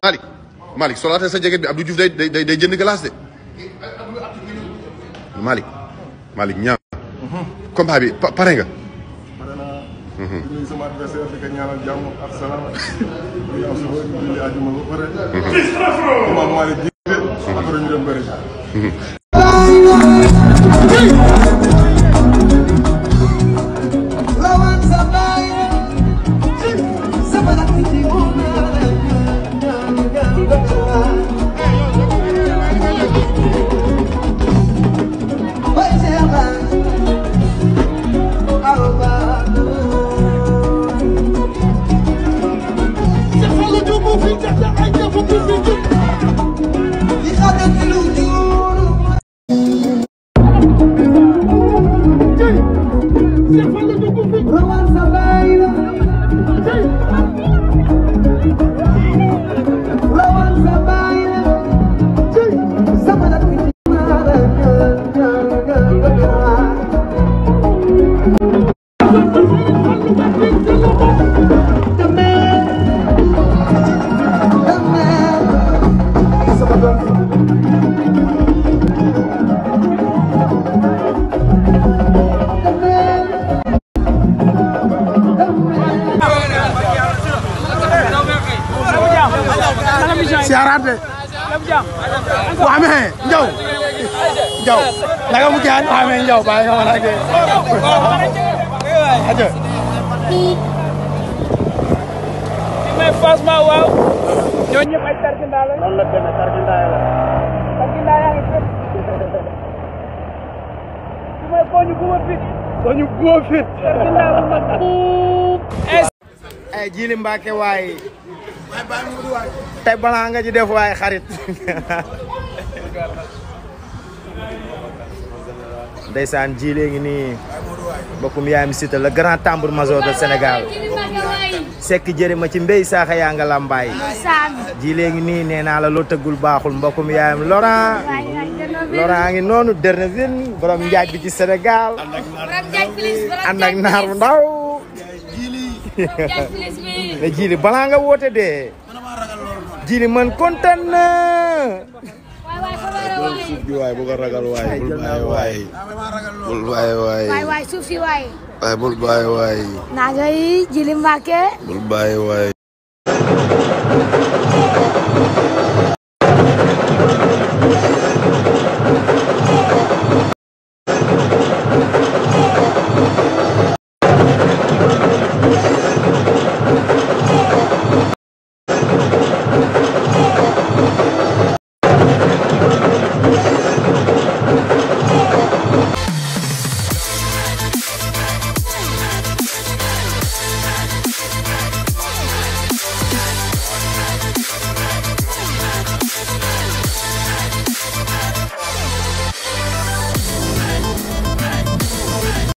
Malik Malik soo laatee sa jege bi Abdou Diouf day day day jënd glace de. Malik Malik ñaar. combat bi pare nga. pare naa. por onde jarate wame njaw njaw daga mukian wame njaw bae kama nake aje mais franchement waaw ñoo ñëpp ay tarkindaa la noonu la demee tarkindaa la tarkindaa yaa ngi fépp jili Mbacke waaye tay bala nga ci def way xarit ndaysan ji léegi nii bokkum yaayam Siteu le grand tambour major de senegal sek jëri ma ci mbey saaxa yaa nga lambay ji legi ni neena naa la loo tëggul baaxul mbokkum yaayam Laurent Laurent ngi dernier Dernevielle borom bi ci senegal ak ndaw mais jili balaa nga woote dee. jili man kontaan naa. waay bu waay bul waay. bul waay. naa ngay jili mbàkke. bul waay.